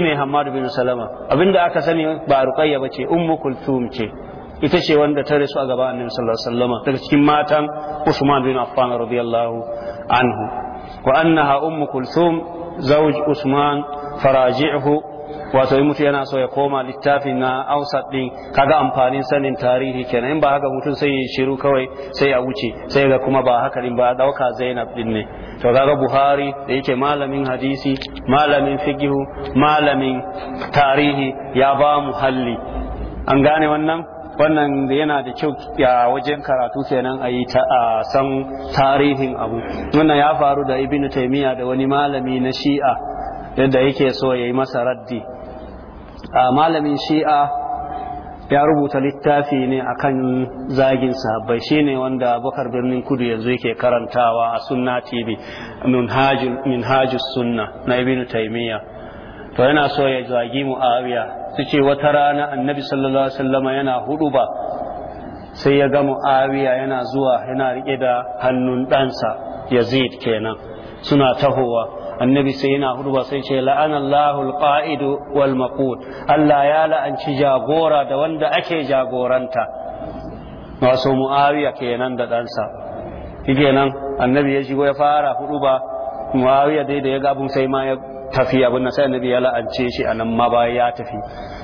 Speaker 1: ne Hammad bin Salama abinda aka sani ba ba ce Ummu Kulthum ce ita ce wanda ta rasu a gaba Annabi sallallahu alaihi wasallam daga cikin matan Usman bin Affan radiyallahu anhu wa annaha Ummu Kulthum zawj Usman faraji'uhu wato in mutu yana so ya koma littafin na ausat din kaga amfanin sanin tarihi kenan in ba haka mutum sai ya shiru kawai sai ya wuce sai ga kuma ba haka din ba dauka zainab din ne to kaga buhari da yake malamin hadisi malamin fiqihu malamin tarihi ya ba mu an gane wannan wannan yana da kyau a wajen karatu kenan a yi a san tarihin abu wannan ya faru da ibnu taymiya da wani malami na shi'a yadda yake so ya yi masa raddi a malamin shi'a ya rubuta littafi ne akan zagin sahabbai ne wanda bakar birnin kudu yanzu yake karantawa a sunna tv hajjus sunna na ibn taimiyya to yana so ya zagi mu'awiya su ce wata rana annabi sallallahu alaihi wasallama yana hudu ba sai ya ga mu'awiya yana zuwa yana rike da hannun ɗansa yazid kenan suna tahowa annabi sai yana ba sai ce la'anallahu alqa'idu wal Allah ya la'anci jagora da wanda ake jagoranta wasu muawiya kenan da ɗansa kenan annabi ya shigo ya fara ba muawiya dai da ya sai ma ya tafi abin sai annabi ya la'ance shi a ma ba ya tafi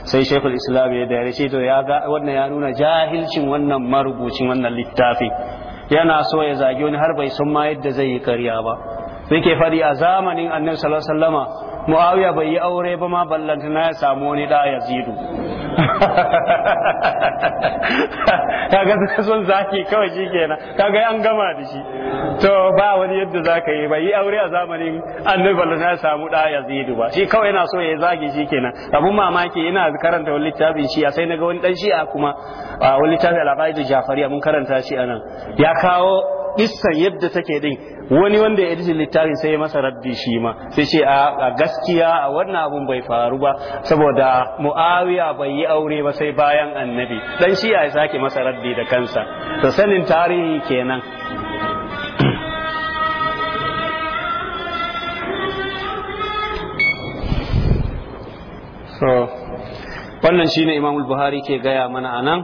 Speaker 1: sai shekul islam ya da ce to ya ga wannan ya nuna jahilcin wannan marubucin wannan littafi yana so ya zage wani har bai san ma yadda zai yi karya ba yake fari a zamanin annabi sallallahu alaihi wasallama muawiya bai yi aure ba ma ballanta na ya samu wani da yazidu *laughs* kaga sun zaki kawai shi kenan kaga an gama da shi to ba wani yadda zaka yi bai yi aure a zamanin annabi ballanta ya samu da zidu ba shi kawai yana so ya zagi shi kenan abun mamaki ina karanta wani littafin shi sai naga wani dan shi'a kuma wani littafin al-qaida jafari mun karanta shi anan ya kawo kissan yadda take din wani wanda ya ji littafin sai ya masa raddi shi ma sai ce a gaskiya a wannan abun bai faru ba saboda muawiya bai yi aure ba sai bayan annabi dan shi ya sake masa raddi da kansa to sanin tarihi kenan so wannan shine imamul buhari ke gaya mana anan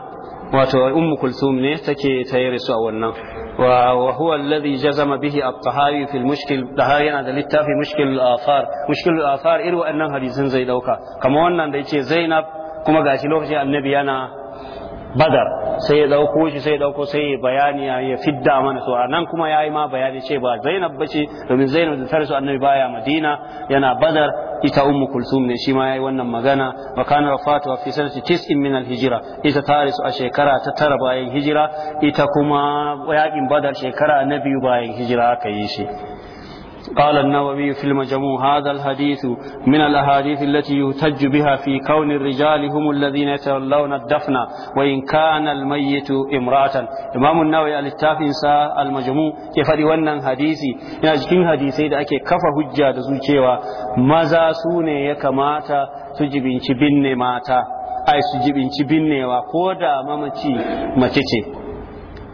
Speaker 1: wato ummu kulsum ne take tayar su a wannan وهو الذي جزم به الطهاري في المشكل الطهاري أنا دلت في مشكل الآثار مشكل الآثار إلو أنه حديث زي دوكا كما أن زينب كما قاشي لوكشي النبي أنا badar sai ya dauko shi sai ya dauko sai ya bayani ya fidda mana so nan kuma yayi ma bayani ce ba Zainab ce domin Zainab da tarsu annabi baya Madina yana badar ita ummu kulsum ne shi ma yi wannan magana wa kana wafatu fi sanati tis'in min al-hijra ita tarisu a shekara ta tara bayan hijira ita kuma yaƙin badar shekara na biyu bayan hijira aka yi shi قال النووي في المجموع هذا الحديث من الأحاديث التي يهتج بها في كون الرجال هم الذين يتولون الدفن وإن كان الميت امرأة إمام النووي الاتافين سا المجموع يفري ونن حديثي يجكين حديثي دا أكي كفا حجة دا سوچيوا مزا سوني يكماتا سجبين شبين ماتا ai su jibinci binnewa ko da mamaci mace ce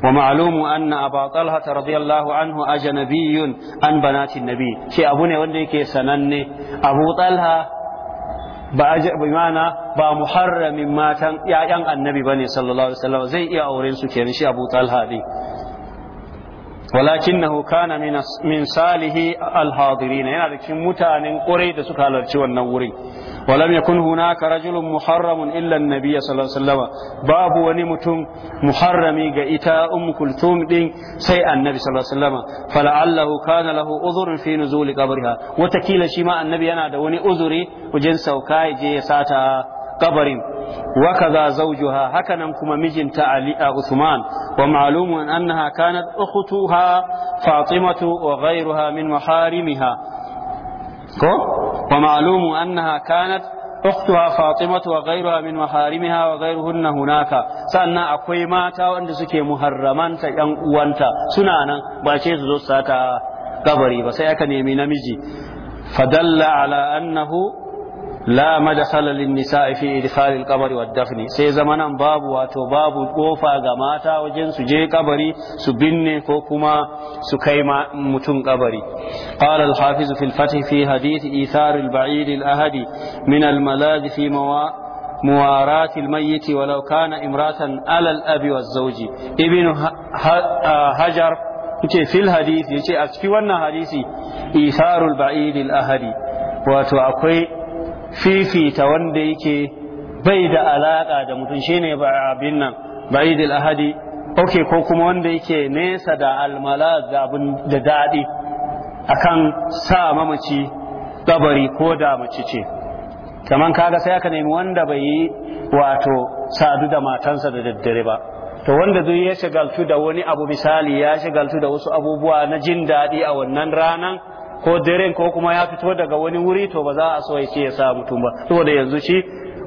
Speaker 1: ومعلوم أن أبا طلحة رضي الله عنه أجنبي عن بنات النبي شيء أبو نيوندي كي سنني أبو طلحة بمعنى با محرم ما تن يا يعني النبي بني صلى الله عليه وسلم زي يا أورين سكين شيء أبو طلحة دي walakinahu kana min salihi alhadirin yana da cikin mutanen ƙurai da suka halarci wannan wurin walam yakun hunaka rajulun muharramun illa annabi sallallahu alaihi wasallam babu wani mutum muharrami ga ita ummu kulthum din sai annabi sallallahu alaihi wasallam fala'allahu kana lahu udhrun fi nuzuli qabriha watakila shi ma annabi yana da wani uzuri wajen sauka je ya sata kabarin wakaza zaujuha hakanan kuma mijinta ali a usman wa ma'lumun annaha kanat ukhtuha fatimatu wa ghayruha min maharimiha ko wa ma'lumun annaha kanat ukhtuha fatimatu wa ghayruha min maharimiha wa ghayruhunna hunaka sanna akwai mata wanda suke muharramanta yan uwanta suna nan ba ce su zo sata kabari ba sai aka nemi namiji fadalla al'anahu. la madkhala lin nisa'i fi idkhal al qabr wa dafni sai zamanan babu wato babu kofa ga mata wajen su je kabari su binne ko kuma su kai mutum kabari qala al hafiz fi al fath fi hadith ithar al ba'id al ahadi min al malad fi mawa مواراة الميت ولو كان امرأة على الأب والزوج ابن هجر في الحديث يتي أسكي حديثي إيثار البعيد fifita wanda yake bai da alaƙa da mutum shi ne ba abin nan ba'id ahadi okay ko kuma wanda yake nesa da almala da abin da dadi akan sa mamaci ɗabari ko da mace ce kamar kaga sai aka nemi wanda bai yi wato sadu da matansa da daddare ba to wanda duk ya shagaltu da wani abu misali ya shagaltu da wasu abubuwa na jin daɗi a wannan ranan ko daren ko kuma ya fito daga wani wuri to ba za a so ya ce ya sa mutum ba saboda yanzu shi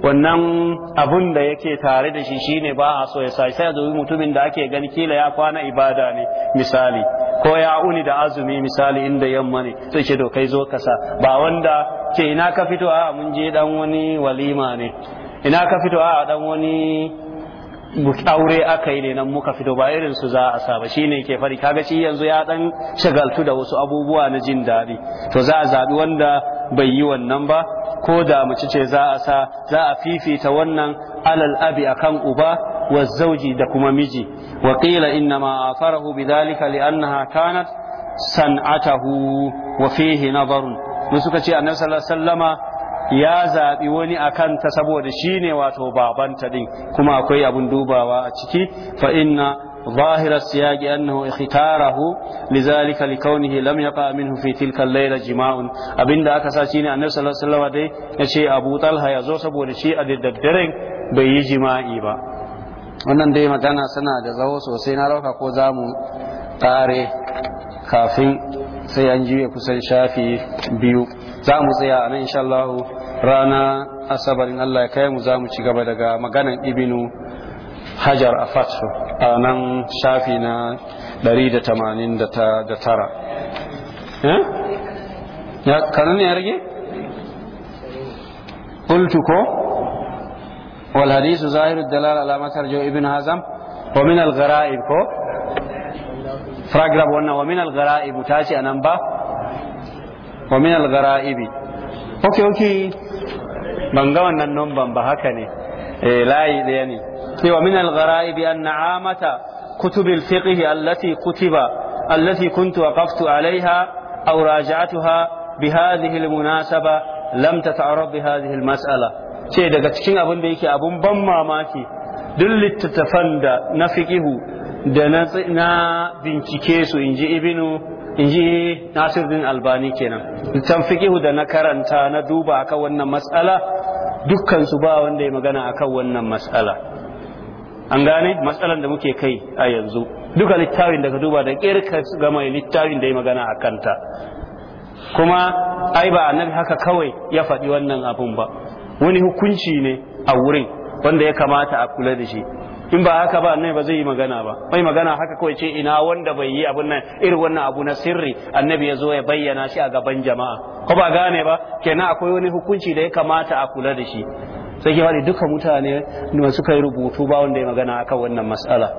Speaker 1: wannan abun da yake tare da shi shine ba a so ya sa sai da mutumin da ake gani kila ya kwana ibada ne misali ko ya uni da azumi misali inda yamma ne sai ce to kai zo kasa ba wanda ce ina ka fito a mun je dan wani walima ne ina ka fito a dan wani aure aka yi ne nan muka fito ba irin su za a ba shi ne ke fari kaga shi yanzu ya dan shagaltu da wasu abubuwa na jin daɗi to za a zaɓi wanda bai yi wannan ba ko da mace ce za a sa za a fifita wannan alal abi akan uba wa zauji da kuma miji wa qila inna ma afarahu bidhalika li'annaha kanat san'atahu wa fihi nadarun mun suka ce annabi sallallahu alaihi wasallama ya zaɓi wani a kanta saboda shi ne wato babanta ɗin kuma akwai abin dubawa a ciki fa’in na zahirar yaƙi an na hoƙi tara hu li zalika li kauni hilam ya ƙa min abin da aka sa shi a nan salasalawa dai ya ce abu talha ya zo saboda shi a daddaddaren bai yi jima’i ba wannan dai magana suna da zawo sosai na rauka ko za mu tare kafin sai an jiwe kusan shafi biyu za mu tsaya a nan inshallahu rana asabarin Allah ya kai mu za mu ci gaba daga maganan ibinu hajar a fatso a nan shafi na 189 eh? ya kanan ne ya rage? ƙultu ko wal hadisu zahiru dalal alamatar jo ibn hazam wa min al-gara'ib ko fragrab wannan wa min al-gara'ib ta ce a nan ba wa min al-gara'ibi ok ok ban ga wannan nomban ba haka ne eh, layi ɗaya ne cewa min al-gharaib an amata kutub al-fiqh allati kutiba allati kuntu waqaftu alaiha aw raja'atuha bi hadhihi al-munasaba lam tata'arrab bi hadhihi al-mas'ala ce daga cikin abin da yake abun ban mamaki duk littattafan da na fiqihu da na bincike su inji ibnu in ji din albani kenan litan fiqihu da na karanta na duba akan wannan matsala dukkan su ba wanda ya magana akan wannan matsala an gane matsalan da muke kai a yanzu duka littafin da duba da kirka gama littafin da ya magana a kanta kuma ai ba annabi haka kawai ya faɗi wannan abun ba wani hukunci ne a wurin wanda ya kamata a kula da shi in ba haka ba annabi ba zai yi magana ba bai magana haka kawai ce ina wanda bai yi abun nan irin wannan abu na sirri annabi ya zo ya bayyana shi a gaban jama'a ko ba gane ba kenan akwai wani hukunci da ya kamata a kula da shi sai ke faɗi duka mutane da suka yi rubutu ba wanda ya magana akan wannan mas'ala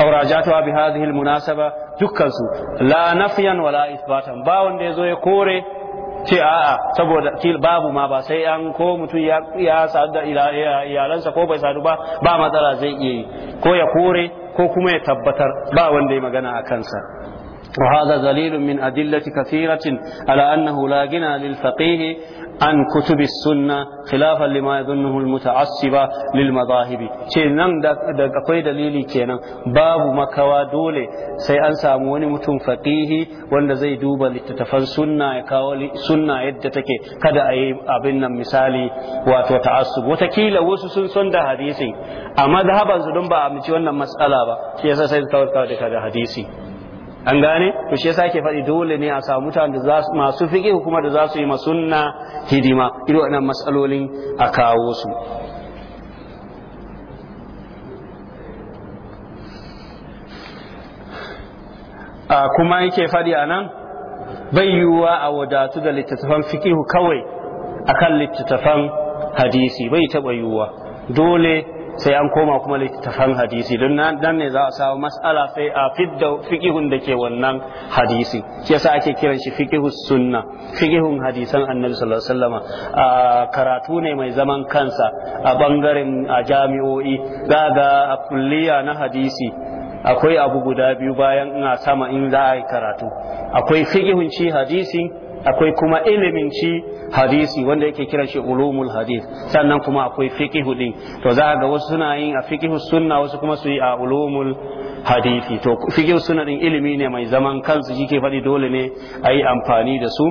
Speaker 1: aurajatuwa bi hadhihi almunasaba dukkan su la nafyan wala isbatan ba wanda ya zo ya kore ce a'a saboda babu ma ba sai an ko mutum ya sadu da iyalansa ko bai sadu ba ba matsala zai iya yi ko ya kore ko kuma ya tabbatar ba wanda ya magana a kansa وهذا دليل من أدلة كثيرة على أنه لا غنى للفقيه an kutubi sunna khilafan lima yadhunnuhu almuta'assiba lilmadhahibi ce nan da akwai dalili kenan babu makawa dole sai an samu wani mutum faqihi wanda zai duba littattafan sunna ya kawo sunna yadda take kada a yi abin nan misali wato ta'assub watakila wasu sun son da hadisi amma da habansu don ba a mici wannan matsala ba shi yasa sai da hadisi an gane to shi yasa ke faɗi dole ne a samu mutane da zasu masu fiqh kuma da zasu yi masunna hidima irin wannan matsalolin a kawo su a kuma yake faɗi a nan bai yiwuwa a wadatu da littattafan fiƙihu kawai akan littattafan hadisi bai taɓa yiwuwa dole sai an koma kuma littafan hadisi don nan ne za a samu mas'ala sai a fidda fiqihun da ke wannan hadisi shi yasa ake kiran shi fiqihus sunna fiqihun hadisan annabi sallallahu alaihi wasallam karatu ne mai zaman kansa a bangaren a jami'o'i ga ga a kulliya na hadisi akwai abu guda biyu bayan ina sama in za a yi karatu akwai fiqihun shi hadisi akwai kuma ilimin shi hadisi wanda yake kira shi ulumul hadis sannan kuma akwai fiqhu din to za ga wasu suna yin a fiqhu sunna wasu kuma su yi a ulumul hadisi to fiqhu sunna din ilimi ne mai zaman kansu shi ke faɗi dole ne a yi amfani da su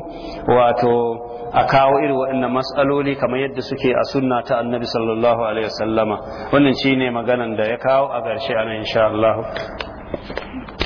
Speaker 1: wato a kawo irin waɗannan matsaloli kamar yadda suke a sunna ta annabi sallallahu alaihi wasallama wannan shine maganan da ya kawo a ƙarshe ana insha Allah